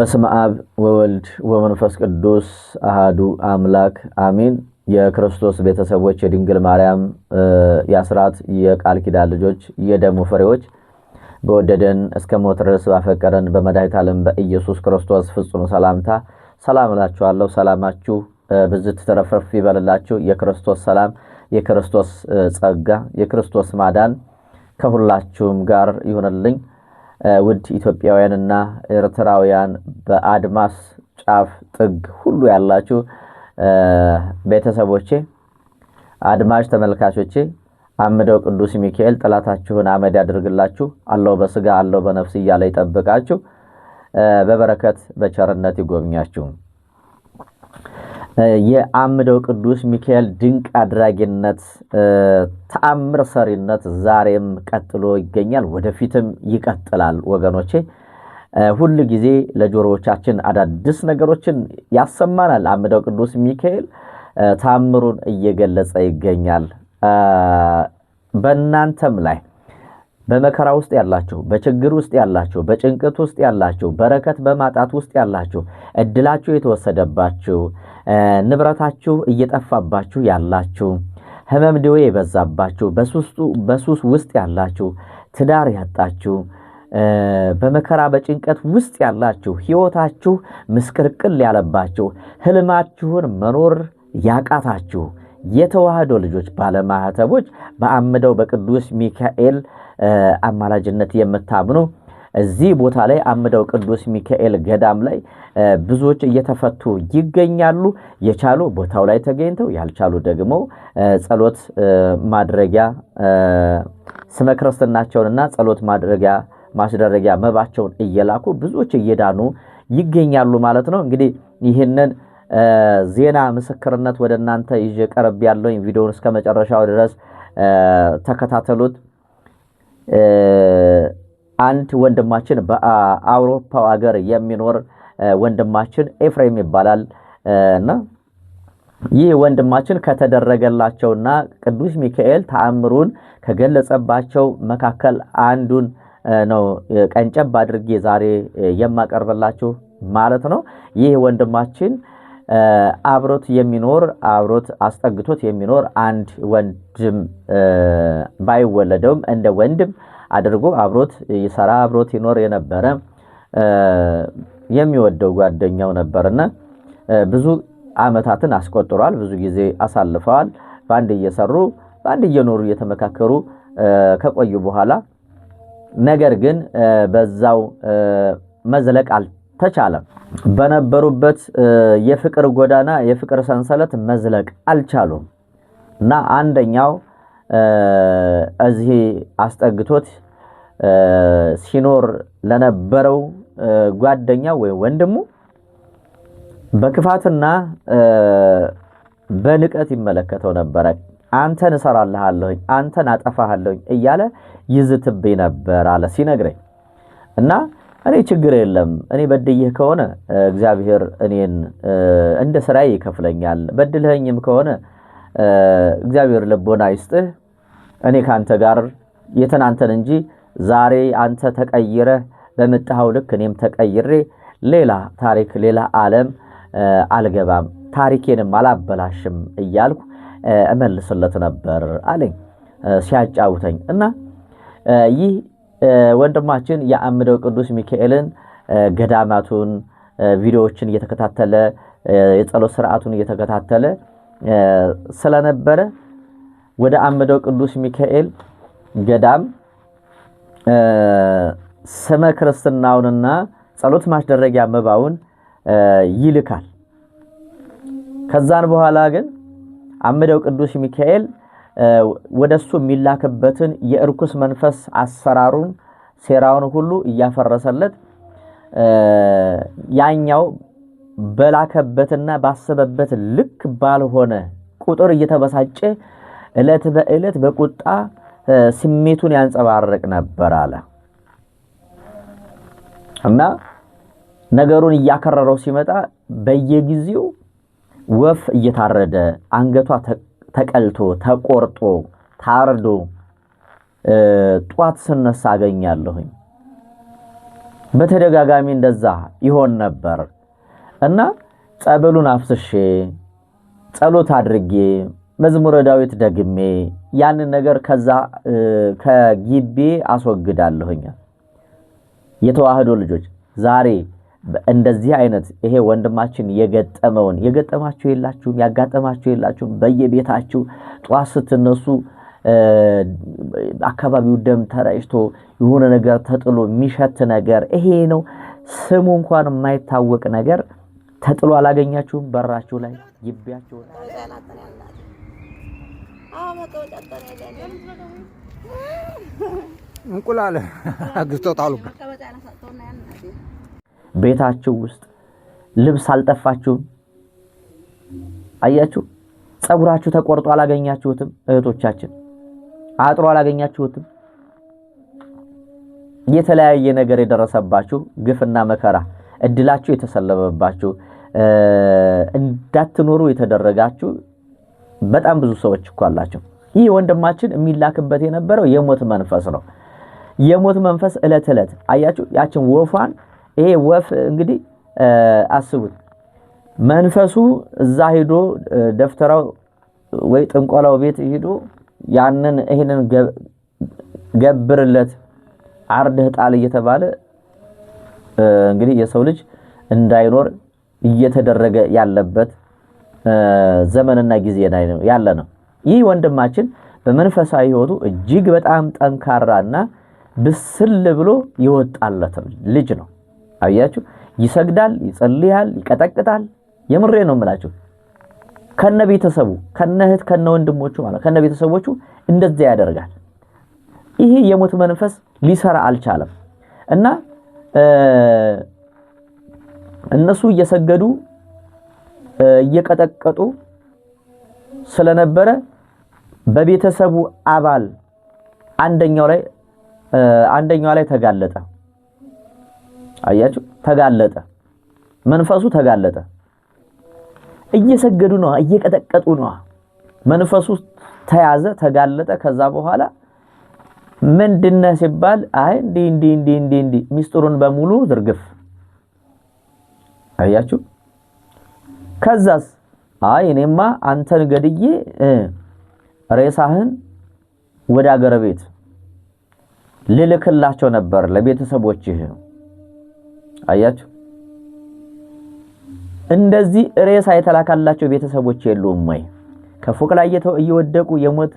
በስመ አብ ወወልድ ወመንፈስ ቅዱስ አሃዱ አምላክ አሚን። የክርስቶስ ቤተሰቦች፣ የድንግል ማርያም የአስራት የቃል ኪዳን ልጆች፣ የደሙ ፍሬዎች በወደደን እስከ ሞት ድረስ ባፈቀረን በመድኃኒተ ዓለም በኢየሱስ ክርስቶስ ፍጹም ሰላምታ ሰላም እላችኋለሁ። ሰላማችሁ ብዝት ተረፍረፍ ይበልላችሁ። የክርስቶስ ሰላም፣ የክርስቶስ ጸጋ፣ የክርስቶስ ማዳን ከሁላችሁም ጋር ይሁንልኝ። ውድ ኢትዮጵያውያንና ኤርትራውያን በአድማስ ጫፍ ጥግ ሁሉ ያላችሁ ቤተሰቦቼ፣ አድማጭ ተመልካቾቼ አምደው ቅዱስ ሚካኤል ጠላታችሁን አመድ ያድርግላችሁ፣ አለው በስጋ አለው በነፍስ እያለ ይጠብቃችሁ፣ በበረከት በቸርነት ይጎብኛችሁ። የአምደው ቅዱስ ሚካኤል ድንቅ አድራጊነት ተአምር ሰሪነት ዛሬም ቀጥሎ ይገኛል፣ ወደፊትም ይቀጥላል። ወገኖቼ ሁል ጊዜ ለጆሮዎቻችን አዳዲስ ነገሮችን ያሰማናል። አምደው ቅዱስ ሚካኤል ተአምሩን እየገለጸ ይገኛል። በእናንተም ላይ በመከራ ውስጥ ያላችሁ፣ በችግር ውስጥ ያላችሁ፣ በጭንቀት ውስጥ ያላችሁ፣ በረከት በማጣት ውስጥ ያላችሁ፣ እድላችሁ የተወሰደባችሁ፣ ንብረታችሁ እየጠፋባችሁ ያላችሁ፣ ህመም ደዌ የበዛባችሁ፣ በሱስ ውስጥ ያላችሁ፣ ትዳር ያጣችሁ፣ በመከራ በጭንቀት ውስጥ ያላችሁ፣ ህይወታችሁ ምስቅልቅል ያለባችሁ፣ ህልማችሁን መኖር ያቃታችሁ የተዋህዶ ልጆች ባለማህተቦች በአምደው በቅዱስ ሚካኤል አማላጅነት የምታምኑ እዚህ ቦታ ላይ አምደው ቅዱስ ሚካኤል ገዳም ላይ ብዙዎች እየተፈቱ ይገኛሉ። የቻሉ ቦታው ላይ ተገኝተው ያልቻሉ ደግሞ ጸሎት ማድረጊያ ስመ ክርስትናቸውንና ጸሎት ማድረጊያ ማስደረጊያ መባቸውን እየላኩ ብዙዎች እየዳኑ ይገኛሉ ማለት ነው። እንግዲህ ይህንን ዜና ምስክርነት ወደ እናንተ ይዤ ቀርብ ያለውኝ። ቪዲዮውን እስከ መጨረሻው ድረስ ተከታተሉት። አንድ ወንድማችን በአውሮፓው ሀገር የሚኖር ወንድማችን ኤፍሬም ይባላል እና ይህ ወንድማችን ከተደረገላቸውና ቅዱስ ሚካኤል ተአምሩን ከገለጸባቸው መካከል አንዱን ነው ቀንጨብ አድርጌ ዛሬ የማቀርብላችሁ ማለት ነው። ይህ ወንድማችን አብሮት የሚኖር አብሮት አስጠግቶት የሚኖር አንድ ወንድም ባይወለደውም እንደ ወንድም አድርጎ አብሮት ይሰራ አብሮት ይኖር የነበረ የሚወደው ጓደኛው ነበርና ብዙ ዓመታትን አስቆጥሯል። ብዙ ጊዜ አሳልፈዋል። በአንድ እየሰሩ በአንድ እየኖሩ እየተመካከሩ ከቆዩ በኋላ ነገር ግን በዛው መዝለቅ ተቻለ። በነበሩበት የፍቅር ጎዳና የፍቅር ሰንሰለት መዝለቅ አልቻሉም እና አንደኛው እዚህ አስጠግቶት ሲኖር ለነበረው ጓደኛ ወይም ወንድሙ በክፋትና በንቀት ይመለከተው ነበረ። አንተን እሰራልሃለሁኝ፣ አንተን አጠፋሃለሁኝ እያለ ይዝትብኝ ነበር አለ ሲነግረኝ እና እኔ ችግር የለም እኔ በድዬህ ከሆነ እግዚአብሔር እኔን እንደ ስራዬ ይከፍለኛል። በድልህኝም ከሆነ እግዚአብሔር ልቦና ይስጥህ። እኔ ከአንተ ጋር የትናንተን እንጂ ዛሬ አንተ ተቀይረህ በመጣኸው ልክ እኔም ተቀይሬ ሌላ ታሪክ፣ ሌላ ዓለም አልገባም፣ ታሪኬንም አላበላሽም እያልኩ እመልስለት ነበር አለኝ ሲያጫውተኝ እና ይህ ወንድማችን የአምደው ቅዱስ ሚካኤልን ገዳማቱን ቪዲዮዎችን እየተከታተለ የጸሎት ስርዓቱን እየተከታተለ ስለነበረ ወደ አምደው ቅዱስ ሚካኤል ገዳም ስመ ክርስትናውንና ጸሎት ማስደረጊያ መባውን ይልካል። ከዛን በኋላ ግን አምደው ቅዱስ ሚካኤል ወደ እሱ የሚላክበትን የእርኩስ መንፈስ አሰራሩን ሴራውን ሁሉ እያፈረሰለት ያኛው በላከበትና ባሰበበት ልክ ባልሆነ ቁጥር እየተበሳጨ ዕለት በዕለት በቁጣ ስሜቱን ያንጸባርቅ ነበር አለ እና ነገሩን እያከረረው ሲመጣ በየጊዜው ወፍ እየታረደ አንገቷ ተቀልቶ ተቆርጦ ታርዶ ጧት ስነሳ አገኛለሁኝ። በተደጋጋሚ እንደዛ ይሆን ነበር እና ጸበሉን አፍስሼ ጸሎት አድርጌ መዝሙረ ዳዊት ደግሜ ያንን ነገር ከዛ ከጊቤ አስወግዳለሁኝ የተዋህዶ ልጆች ዛሬ እንደዚህ አይነት ይሄ ወንድማችን የገጠመውን የገጠማችሁ የላችሁም ያጋጠማችሁ የላችሁም። በየቤታችሁ ጠዋት ስትነሱ አካባቢው ደም ተረጭቶ የሆነ ነገር ተጥሎ የሚሸት ነገር ይሄ ነው፣ ስሙ እንኳን የማይታወቅ ነገር ተጥሎ አላገኛችሁም? በራችሁ ላይ ግቢያችሁ እንቁላል አግዝቶ ጣሉበት። ቤታችሁ ውስጥ ልብስ አልጠፋችሁም? አያችሁ፣ ጸጉራችሁ ተቆርጦ አላገኛችሁትም? እህቶቻችን አጥሮ አላገኛችሁትም? የተለያየ ነገር የደረሰባችሁ ግፍና መከራ እድላችሁ የተሰለበባችሁ እንዳትኖሩ የተደረጋችሁ በጣም ብዙ ሰዎች እኮ አላቸው። ይህ ወንድማችን የሚላክበት የነበረው የሞት መንፈስ ነው። የሞት መንፈስ እለት እለት አያችሁ ያችን ወፏን ይሄ ወፍ እንግዲህ አስቡት መንፈሱ እዛ ሄዶ ደፍተራው ወይ ጥንቆላው ቤት ሄዶ ያንን ይሄንን ገብርለት አርደህ ጣል እየተባለ እንግዲህ የሰው ልጅ እንዳይኖር እየተደረገ ያለበት ዘመንና ጊዜ ነው ያለ ነው። ይህ ወንድማችን በመንፈሳዊ ሕይወቱ እጅግ በጣም ጠንካራና ብስል ብሎ ይወጣለት ልጅ ነው። አያችሁ፣ ይሰግዳል፣ ይጸልያል፣ ይቀጠቅጣል። የምሬ ነው የምላችሁ ከነ ቤተሰቡ ከነ እህት ከነ ወንድሞቹ ማለት ከነ ቤተሰቦቹ እንደዚያ ያደርጋል። ይሄ የሞት መንፈስ ሊሰራ አልቻለም እና እነሱ እየሰገዱ እየቀጠቀጡ ስለነበረ በቤተሰቡ አባል አንደኛው ላይ አንደኛው ላይ ተጋለጠ። አያችሁ፣ ተጋለጠ። መንፈሱ ተጋለጠ። እየሰገዱ ነዋ፣ እየቀጠቀጡ ነዋ። መንፈሱ ተያዘ፣ ተጋለጠ። ከዛ በኋላ ምንድነህ ሲባል አይ እንዲ እንዲ እንዲ እንዲ እንዲ ሚስጥሩን በሙሉ ዝርግፍ። አያችሁ። ከዛስ አይ እኔማ አንተን ገድዬ ሬሳህን ወደ አገረ ቤት ልልክላቸው ነበር ለቤተሰቦችህ አያችሁ፣ እንደዚህ ሬሳ የተላካላቸው ቤተሰቦች የሉም ወይ? ከፎቅ ላይ እየወደቁ የሞት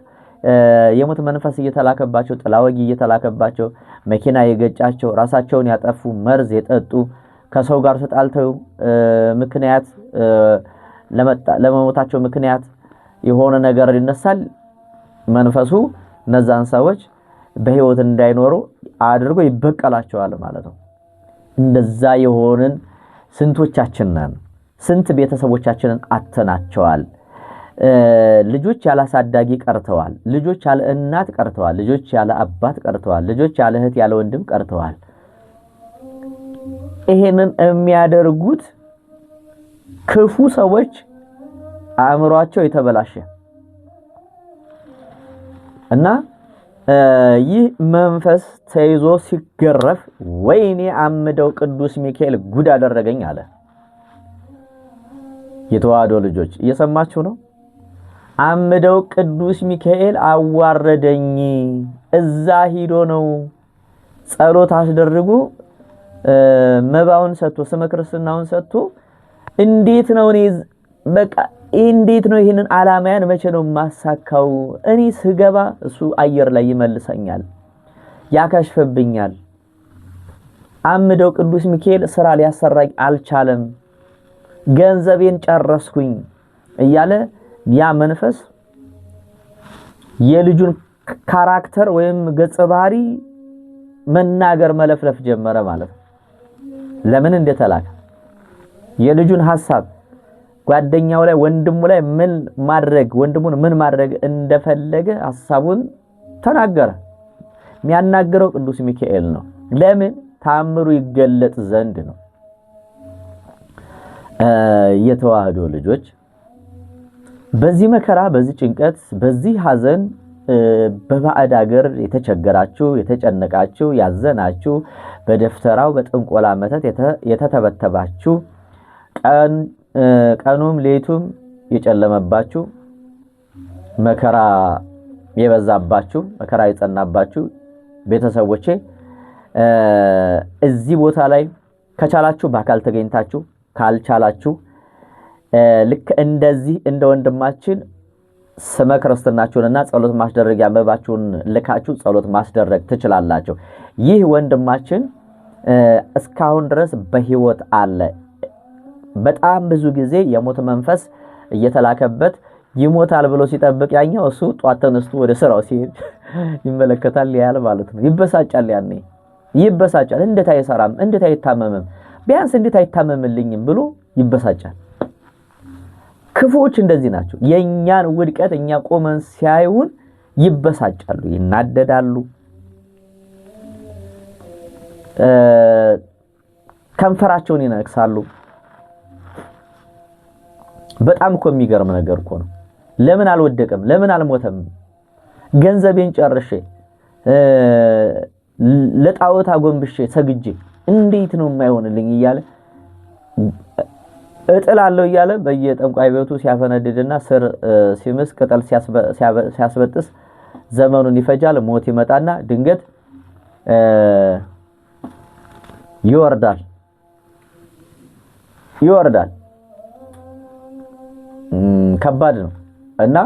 የሞት መንፈስ እየተላከባቸው ጥላወጊ እየተላከባቸው መኪና የገጫቸው ራሳቸውን ያጠፉ መርዝ የጠጡ ከሰው ጋር ተጣልተው ምክንያት ለመሞታቸው ምክንያት የሆነ ነገር ይነሳል። መንፈሱ እነዛን ሰዎች በህይወት እንዳይኖሩ አድርጎ ይበቀላቸዋል ማለት ነው። እንደዛ የሆንን ስንቶቻችን ነን? ስንት ቤተሰቦቻችንን አተናቸዋል። ልጆች ያለ አሳዳጊ ቀርተዋል። ልጆች ያለ እናት ቀርተዋል። ልጆች ያለ አባት ቀርተዋል። ልጆች ያለ እህት ያለ ወንድም ቀርተዋል። ይሄንን የሚያደርጉት ክፉ ሰዎች አእምሯቸው የተበላሸ እና ይህ መንፈስ ተይዞ ሲገረፍ ወይኔ አምደው ቅዱስ ሚካኤል ጉድ አደረገኝ አለ። የተዋህዶ ልጆች እየሰማችሁ ነው። አምደው ቅዱስ ሚካኤል አዋረደኝ። እዛ ሂዶ ነው ጸሎት አስደርጉ መባውን ሰጥቶ ስመ ክርስትናውን ሰጥቶ እንዴት ነው እኔ በቃ እንዴት ነው ይህንን አላማያን መቼ ነው የማሳካው? እኔ ስገባ እሱ አየር ላይ ይመልሰኛል፣ ያከሽፍብኛል። አምደው ቅዱስ ሚካኤል ስራ ሊያሰራኝ አልቻለም፣ ገንዘቤን ጨረስኩኝ እያለ ያ መንፈስ የልጁን ካራክተር ወይም ገጸ ባህሪ መናገር መለፍለፍ ጀመረ ማለት ነው። ለምን እንደተላከ የልጁን ሀሳብ ጓደኛው ላይ ወንድሙ ላይ ምን ማድረግ ወንድሙን ምን ማድረግ እንደፈለገ ሐሳቡን ተናገረ። የሚያናገረው ቅዱስ ሚካኤል ነው። ለምን ታምሩ ይገለጥ ዘንድ ነው። የተዋህዶ ልጆች በዚህ መከራ፣ በዚህ ጭንቀት፣ በዚህ ሀዘን በባዕድ ሀገር የተቸገራችሁ፣ የተጨነቃችሁ፣ ያዘናችሁ፣ በደፍተራው በጥንቆላ መተት የተተበተባችሁ ቀን ቀኑም ሌቱም የጨለመባችሁ መከራ የበዛባችሁ መከራ የጸናባችሁ ቤተሰቦቼ እዚህ ቦታ ላይ ከቻላችሁ በአካል ተገኝታችሁ ካልቻላችሁ ልክ እንደዚህ እንደ ወንድማችን ስመ ክርስትናችሁንና ጸሎት ማስደረግ ያመባችሁን ልካችሁ ጸሎት ማስደረግ ትችላላችሁ። ይህ ወንድማችን እስካሁን ድረስ በሕይወት አለ። በጣም ብዙ ጊዜ የሞት መንፈስ እየተላከበት ይሞታል ብሎ ሲጠብቅ ያኛው እሱ ጧት ተነስቶ ወደ ስራው ሲሄድ ይመለከታል ያል ማለት ነው። ይበሳጫል፣ ያኔ ይበሳጫል። እንዴት አይሰራም? እንዴት አይታመምም? ቢያንስ እንዴት አይታመምልኝም ብሎ ይበሳጫል። ክፉዎች እንደዚህ ናቸው። የእኛን ውድቀት እኛ ቆመን ሲያዩን ይበሳጫሉ፣ ይናደዳሉ፣ ከንፈራቸውን ይነክሳሉ። በጣም እኮ የሚገርም ነገር እኮ ነው። ለምን አልወደቀም? ለምን አልሞተም? ገንዘቤን ጨርሼ ለጣዖት አጎንብሼ ሰግጄ እንዴት ነው የማይሆንልኝ እያለ እጥላለሁ አለው እያለ በየጠንቋይ ቤቱ ሲያፈነድድና ስር ሲምስ ቅጠል ሲያስበጥስ ዘመኑን ይፈጃል። ሞት ይመጣና ድንገት ይወርዳል ይወርዳል። ከባድ ነው እና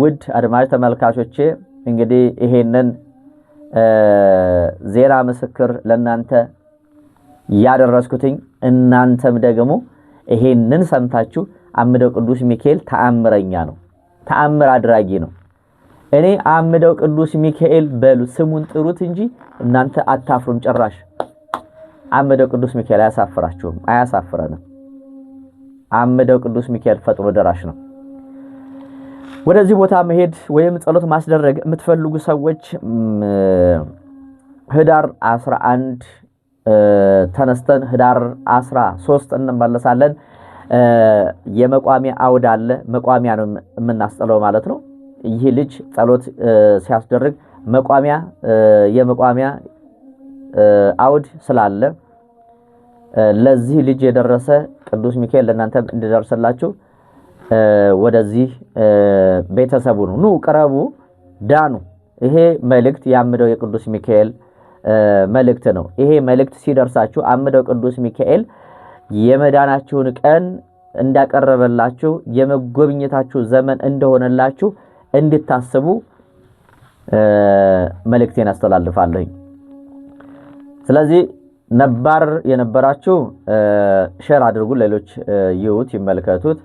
ውድ አድማጭ ተመልካቾቼ እንግዲህ ይሄንን ዜና ምስክር ለእናንተ ያደረስኩትኝ እናንተም ደግሞ ይሄንን ሰምታችሁ አምደው ቅዱስ ሚካኤል ተአምረኛ ነው፣ ተአምር አድራጊ ነው። እኔ አምደው ቅዱስ ሚካኤል በሉ ስሙን ጥሩት እንጂ እናንተ አታፍሩም። ጭራሽ አምደው ቅዱስ ሚካኤል አያሳፍራችሁም፣ አያሳፍረንም። አምደው ቅዱስ ሚካኤል ፈጥኖ ደራሽ ነው። ወደዚህ ቦታ መሄድ ወይም ጸሎት ማስደረግ የምትፈልጉ ሰዎች ህዳር 11 ተነስተን ህዳር 13 እንመለሳለን። የመቋሚያ አውድ አለ። መቋሚያ ነው የምናስጠለው ማለት ነው። ይህ ልጅ ጸሎት ሲያስደርግ መቋሚያ የመቋሚያ አውድ ስላለ ለዚህ ልጅ የደረሰ ቅዱስ ሚካኤል ለእናንተ እንዲደርሰላችሁ ወደዚህ ቤተሰቡ ነው ኑ ቅረቡ፣ ዳኑ። ይሄ መልእክት የአምደው የቅዱስ ሚካኤል መልእክት ነው። ይሄ መልእክት ሲደርሳችሁ አምደው ቅዱስ ሚካኤል የመዳናችሁን ቀን እንዳቀረበላችሁ የመጎብኘታችሁ ዘመን እንደሆነላችሁ እንድታስቡ መልእክቴን አስተላልፋለሁኝ። ስለዚህ ነባር የነበራችሁ ሼር አድርጉ፣ ሌሎች ይዩት፣ ይመልከቱት።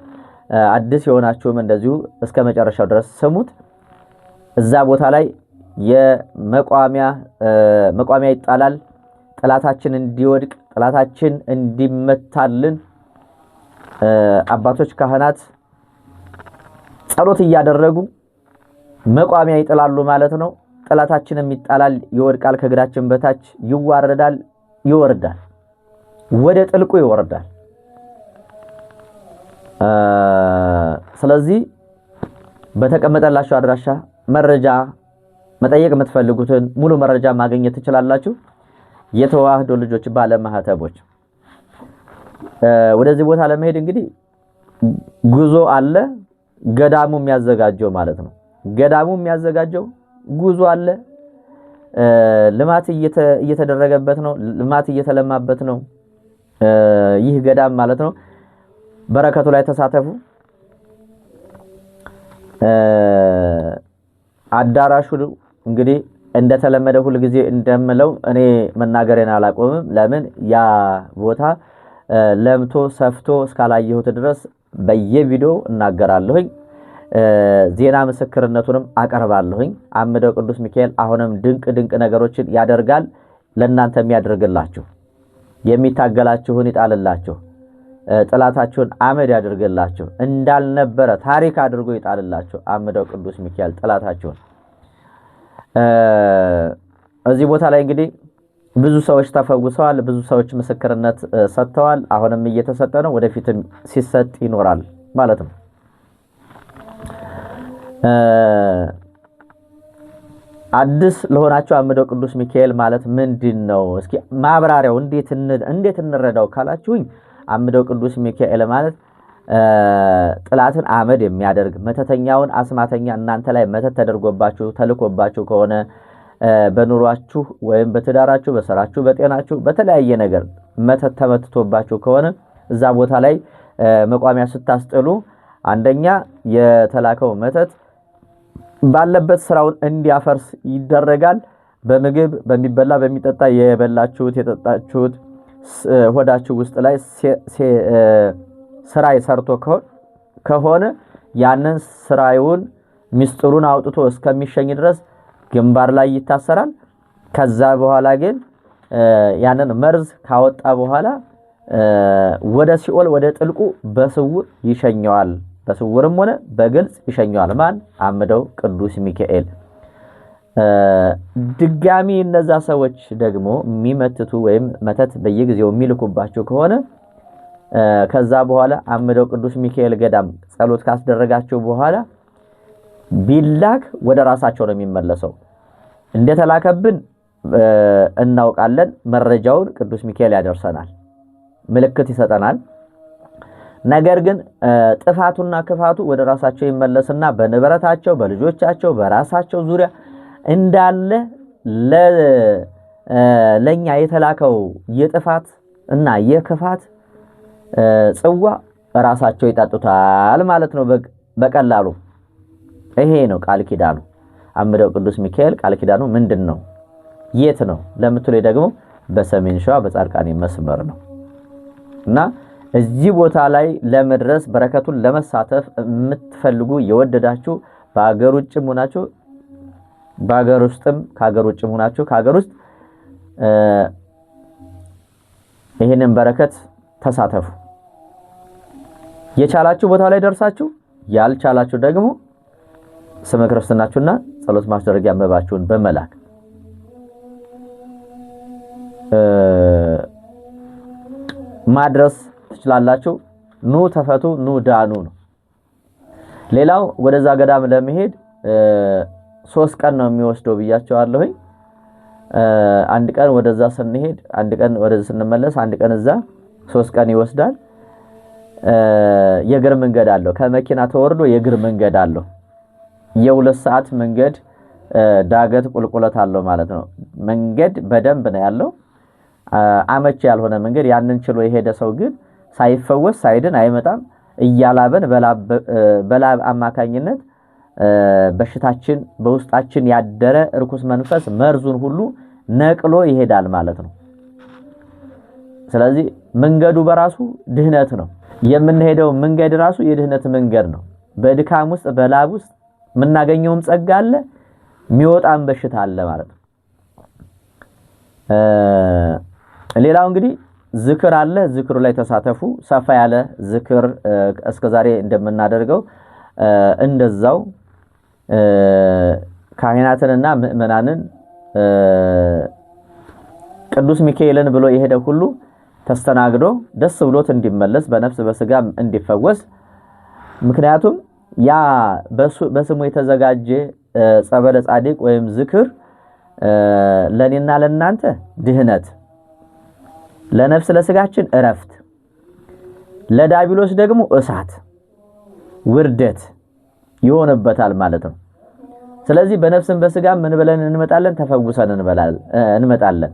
አዲስ የሆናችሁም እንደዚሁ እስከ መጨረሻው ድረስ ስሙት። እዛ ቦታ ላይ የመቋሚያ መቋሚያ ይጣላል። ጠላታችን እንዲወድቅ፣ ጠላታችን እንዲመታልን አባቶች ካህናት ጸሎት እያደረጉ መቋሚያ ይጥላሉ ማለት ነው። ጠላታችንም ይጣላል፣ ይወድቃል፣ ከእግራችን በታች ይዋረዳል። ይወርዳል፣ ወደ ጥልቁ ይወርዳል። ስለዚህ በተቀመጠላችሁ አድራሻ መረጃ መጠየቅ የምትፈልጉትን ሙሉ መረጃ ማግኘት ትችላላችሁ። የተዋህዶ ልጆች ባለማህተቦች ወደዚህ ቦታ ለመሄድ እንግዲህ ጉዞ አለ። ገዳሙ የሚያዘጋጀው ማለት ነው። ገዳሙ የሚያዘጋጀው ጉዞ አለ። ልማት እየተደረገበት ነው። ልማት እየተለማበት ነው። ይህ ገዳም ማለት ነው። በረከቱ ላይ ተሳተፉ። አዳራሹ እንግዲህ እንደተለመደ ሁል ጊዜ እንደምለው እኔ መናገሬን አላቆምም። ለምን ያ ቦታ ለምቶ ሰፍቶ እስካላየሁት ድረስ በየቪዲዮ እናገራለሁኝ። ዜና ምስክርነቱንም አቀርባለሁኝ። አምደው ቅዱስ ሚካኤል አሁንም ድንቅ ድንቅ ነገሮችን ያደርጋል። ለእናንተ የሚያደርግላችሁ የሚታገላችሁን ይጣልላችሁ፣ ጥላታችሁን አመድ ያደርግላችሁ፣ እንዳልነበረ ታሪክ አድርጎ ይጣልላችሁ። አምደው ቅዱስ ሚካኤል ጥላታችሁን። እዚህ ቦታ ላይ እንግዲህ ብዙ ሰዎች ተፈውሰዋል። ብዙ ሰዎች ምስክርነት ሰጥተዋል። አሁንም እየተሰጠ ነው። ወደፊትም ሲሰጥ ይኖራል ማለት ነው። አዲስ ለሆናቸው አምደው ቅዱስ ሚካኤል ማለት ምንድን ነው? እስኪ ማብራሪያው እንዴት እንረዳው ካላችሁኝ፣ አምደው ቅዱስ ሚካኤል ማለት ጥላትን አመድ የሚያደርግ መተተኛውን አስማተኛ እናንተ ላይ መተት ተደርጎባችሁ ተልኮባችሁ ከሆነ በኑሯችሁ ወይም በትዳራችሁ፣ በስራችሁ፣ በጤናችሁ በተለያየ ነገር መተት ተመትቶባችሁ ከሆነ እዛ ቦታ ላይ መቋሚያ ስታስጥሉ አንደኛ የተላከው መተት ባለበት ስራውን እንዲያፈርስ ይደረጋል። በምግብ በሚበላ በሚጠጣ የበላችሁት የጠጣችሁት ሆዳችሁ ውስጥ ላይ ስራይ ሰርቶ ከሆነ ያንን ስራዩን ሚስጥሩን አውጥቶ እስከሚሸኝ ድረስ ግንባር ላይ ይታሰራል። ከዛ በኋላ ግን ያንን መርዝ ካወጣ በኋላ ወደ ሲኦል ወደ ጥልቁ በስውር ይሸኘዋል። በስውርም ሆነ በግልጽ ይሸኘዋል። ማን አምደው ቅዱስ ሚካኤል። ድጋሚ እነዛ ሰዎች ደግሞ የሚመትቱ ወይም መተት በየጊዜው የሚልኩባቸው ከሆነ ከዛ በኋላ አምደው ቅዱስ ሚካኤል ገዳም ጸሎት ካስደረጋቸው በኋላ ቢላክ ወደ ራሳቸው ነው የሚመለሰው። እንደተላከብን እናውቃለን። መረጃውን ቅዱስ ሚካኤል ያደርሰናል፣ ምልክት ይሰጠናል። ነገር ግን ጥፋቱና ክፋቱ ወደ ራሳቸው ይመለስና በንብረታቸው፣ በልጆቻቸው፣ በራሳቸው ዙሪያ እንዳለ ለእኛ የተላከው የጥፋት እና የክፋት ጽዋ ራሳቸው ይጠጡታል ማለት ነው። በቀላሉ ይሄ ነው ቃል ኪዳኑ። አምደው ቅዱስ ሚካኤል ቃል ኪዳኑ ምንድን ነው? የት ነው ለምትሉ ደግሞ በሰሜን ሸዋ በጻድቃኔ መስመር ነው እና እዚህ ቦታ ላይ ለመድረስ በረከቱን ለመሳተፍ የምትፈልጉ የወደዳችሁ በአገር ውጭም ሆናችሁ በአገር ውስጥም ከአገር ውጭም ሆናችሁ ከአገር ውስጥ ይህንን በረከት ተሳተፉ። የቻላችሁ ቦታ ላይ ደርሳችሁ፣ ያልቻላችሁ ደግሞ ስመ ክርስትናችሁና ጸሎት ማስደረጊያ መባችሁን በመላክ ማድረስ ትችላላችሁ። ኑ ተፈቱ፣ ኑ ዳኑ ነው። ሌላው ወደዛ ገዳም ለመሄድ ሶስት ቀን ነው የሚወስደው ብያቸዋለሁኝ። አንድ ቀን ወደዛ ስንሄድ፣ አንድ ቀን ወደዛ ስንመለስ፣ አንድ ቀን እዛ፣ ሶስት ቀን ይወስዳል። የእግር መንገድ አለው። ከመኪና ተወርዶ የእግር መንገድ አለው። የሁለት ሰዓት መንገድ ዳገት ቁልቁለት አለው ማለት ነው። መንገድ በደንብ ነው ያለው። አመቺ ያልሆነ መንገድ ያንን ችሎ የሄደ ሰው ግን ሳይፈወስ ሳይድን አይመጣም። እያላበን በላብ አማካኝነት በሽታችን በውስጣችን ያደረ እርኩስ መንፈስ መርዙን ሁሉ ነቅሎ ይሄዳል ማለት ነው። ስለዚህ መንገዱ በራሱ ድህነት ነው። የምንሄደው መንገድ ራሱ የድህነት መንገድ ነው። በድካም ውስጥ በላብ ውስጥ የምናገኘውም ጸጋ አለ፣ የሚወጣም በሽታ አለ ማለት ነው። ሌላው እንግዲህ ዝክር አለ። ዝክሩ ላይ ተሳተፉ። ሰፋ ያለ ዝክር እስከዛሬ እንደምናደርገው እንደዛው ካህናትንና ምእመናንን ቅዱስ ሚካኤልን ብሎ የሄደ ሁሉ ተስተናግዶ ደስ ብሎት እንዲመለስ በነፍስ በስጋ እንዲፈወስ። ምክንያቱም ያ በስሙ የተዘጋጀ ጸበለ ጻድቅ ወይም ዝክር ለእኔና ለእናንተ ድህነት ለነፍስ ለስጋችን እረፍት፣ ለዳቢሎስ ደግሞ እሳት ውርደት ይሆንበታል ማለት ነው። ስለዚህ በነፍስም በስጋ ምን ብለን እንመጣለን? ተፈውሰን እንመጣለን።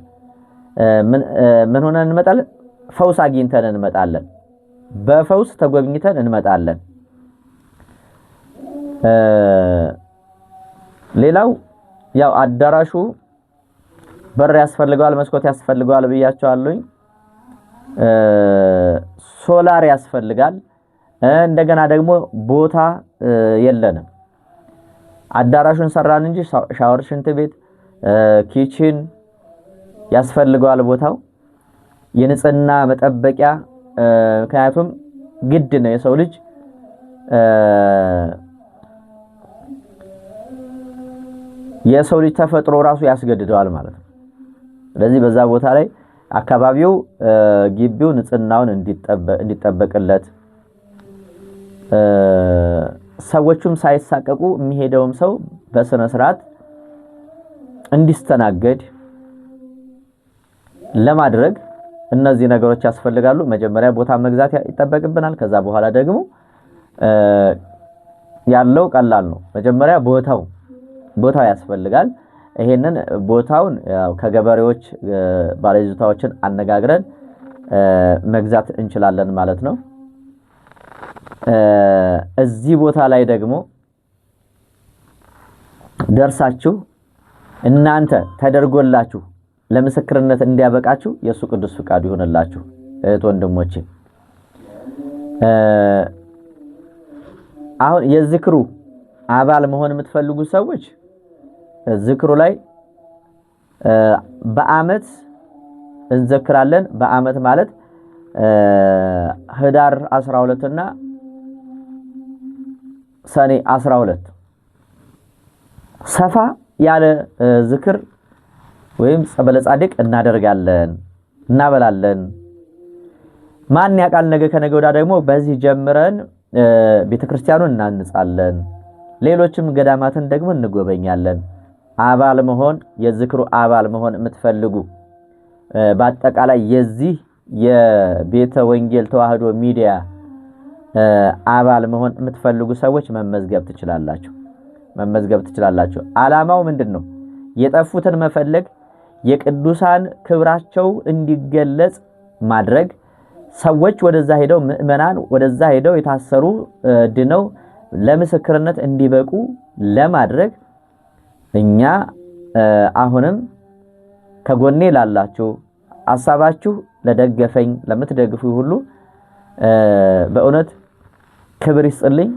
ምን ሆነን እንመጣለን? ፈውስ አግኝተን እንመጣለን። በፈውስ ተጎብኝተን እንመጣለን። ሌላው ያው አዳራሹ በር ያስፈልገዋል፣ መስኮት ያስፈልገዋል ብያቸዋለሁኝ። ሶላር ያስፈልጋል። እንደገና ደግሞ ቦታ የለንም። አዳራሹን ሰራን እንጂ ሻወር፣ ሽንት ቤት፣ ኪችን ያስፈልገዋል ቦታው የንጽህና መጠበቂያ ምክንያቱም ግድ ነው። የሰው ልጅ የሰው ልጅ ተፈጥሮ ራሱ ያስገድደዋል ማለት ነው። ስለዚህ በዛ ቦታ ላይ አካባቢው ግቢው ንጽህናውን እንዲጠበቅለት ሰዎቹም ሳይሳቀቁ የሚሄደውም ሰው በስነ ስርዓት እንዲስተናገድ ለማድረግ እነዚህ ነገሮች ያስፈልጋሉ። መጀመሪያ ቦታ መግዛት ይጠበቅብናል። ከዛ በኋላ ደግሞ ያለው ቀላል ነው። መጀመሪያ ቦታው ቦታው ያስፈልጋል። ይሄንን ቦታውን ከገበሬዎች ባለይዞታዎችን አነጋግረን መግዛት እንችላለን ማለት ነው። እዚህ ቦታ ላይ ደግሞ ደርሳችሁ እናንተ ተደርጎላችሁ ለምስክርነት እንዲያበቃችሁ የእሱ ቅዱስ ፍቃድ ይሆንላችሁ እህት ወንድሞቼ። አሁን የዝክሩ አባል መሆን የምትፈልጉ ሰዎች ዝክሩ ላይ በአመት እንዘክራለን። በአመት ማለት ህዳር 12 እና ሰኔ 12 ሰፋ ያለ ዝክር ወይም ጸበለ ጻድቅ እናደርጋለን፣ እናበላለን። ማን ያውቃል ነገ ከነገ ወዲያ ደግሞ በዚህ ጀምረን ቤተክርስቲያኑን እናንጻለን፣ ሌሎችም ገዳማትን ደግሞ እንጎበኛለን። አባል መሆን የዝክሩ አባል መሆን የምትፈልጉ በአጠቃላይ የዚህ የቤተ ወንጌል ተዋህዶ ሚዲያ አባል መሆን የምትፈልጉ ሰዎች መመዝገብ ትችላላችሁ። መመዝገብ ትችላላችሁ። ዓላማው ምንድን ነው? የጠፉትን መፈለግ፣ የቅዱሳን ክብራቸው እንዲገለጽ ማድረግ፣ ሰዎች ወደዛ ሄደው ምእመናን ወደዛ ሄደው የታሰሩ ድነው ለምስክርነት እንዲበቁ ለማድረግ እኛ አሁንም ከጎኔ ላላችሁ አሳባችሁ ለደገፈኝ ለምትደግፉ ሁሉ በእውነት ክብር ይስጥልኝ።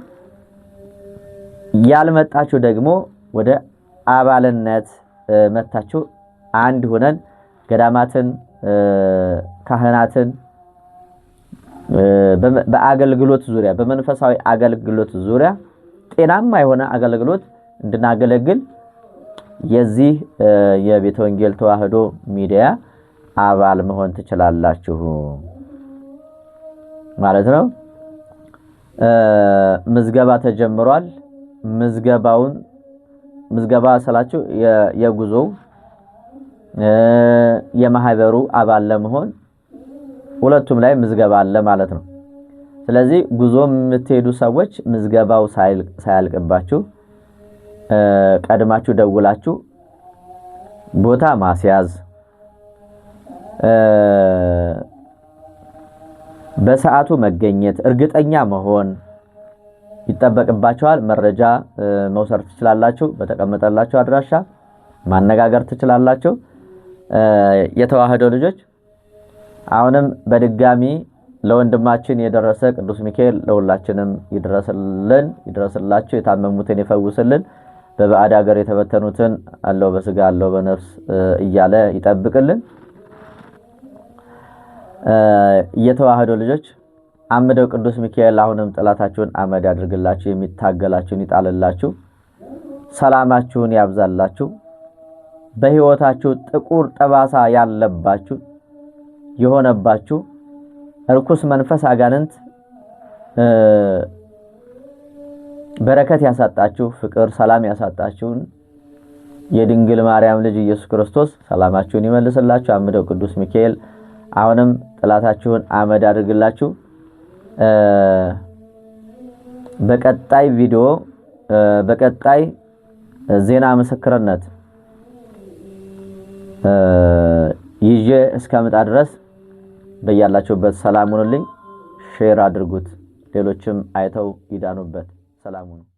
ያልመጣችሁ ደግሞ ወደ አባልነት መታችሁ አንድ ሆነን ገዳማትን፣ ካህናትን በአገልግሎት ዙሪያ በመንፈሳዊ አገልግሎት ዙሪያ ጤናማ የሆነ አገልግሎት እንድናገለግል የዚህ የቤተ ወንጌል ተዋህዶ ሚዲያ አባል መሆን ትችላላችሁ ማለት ነው። ምዝገባ ተጀምሯል። ምዝገባውን ምዝገባ ስላችሁ የጉዞው የማህበሩ አባል ለመሆን ሁለቱም ላይ ምዝገባ አለ ማለት ነው። ስለዚህ ጉዞ የምትሄዱ ሰዎች ምዝገባው ሳያልቅባችሁ ቀድማችሁ ደውላችሁ ቦታ ማስያዝ በሰዓቱ መገኘት እርግጠኛ መሆን ይጠበቅባቸዋል። መረጃ መውሰድ ትችላላችሁ። በተቀመጠላችሁ አድራሻ ማነጋገር ትችላላችሁ። የተዋህዶ ልጆች አሁንም በድጋሚ ለወንድማችን የደረሰ ቅዱስ ሚካኤል ለሁላችንም ይድረስልን፣ ይድረስላችሁ፣ የታመሙትን ይፈውስልን። በባዕድ ሀገር የተበተኑትን አለው በስጋ አለው በነፍስ እያለ ይጠብቅልን። የተዋህዶ ልጆች አምደው ቅዱስ ሚካኤል አሁንም ጠላታችሁን አመድ ያድርግላችሁ፣ የሚታገላችሁን ይጣልላችሁ፣ ሰላማችሁን ያብዛላችሁ። በህይወታችሁ ጥቁር ጠባሳ ያለባችሁ የሆነባችሁ እርኩስ መንፈስ አጋንንት በረከት ያሳጣችሁ፣ ፍቅር ሰላም ያሳጣችሁን የድንግል ማርያም ልጅ ኢየሱስ ክርስቶስ ሰላማችሁን ይመልስላችሁ። አምደው ቅዱስ ሚካኤል አሁንም ጥላታችሁን አመድ አድርግላችሁ። በቀጣይ ቪዲዮ በቀጣይ ዜና ምስክርነት ይዤ እስከምጣ ድረስ በያላችሁበት ሰላም ሁኑልኝ። ሼር አድርጉት፣ ሌሎችም አይተው ይዳኑበት። ሰላሙ ነው።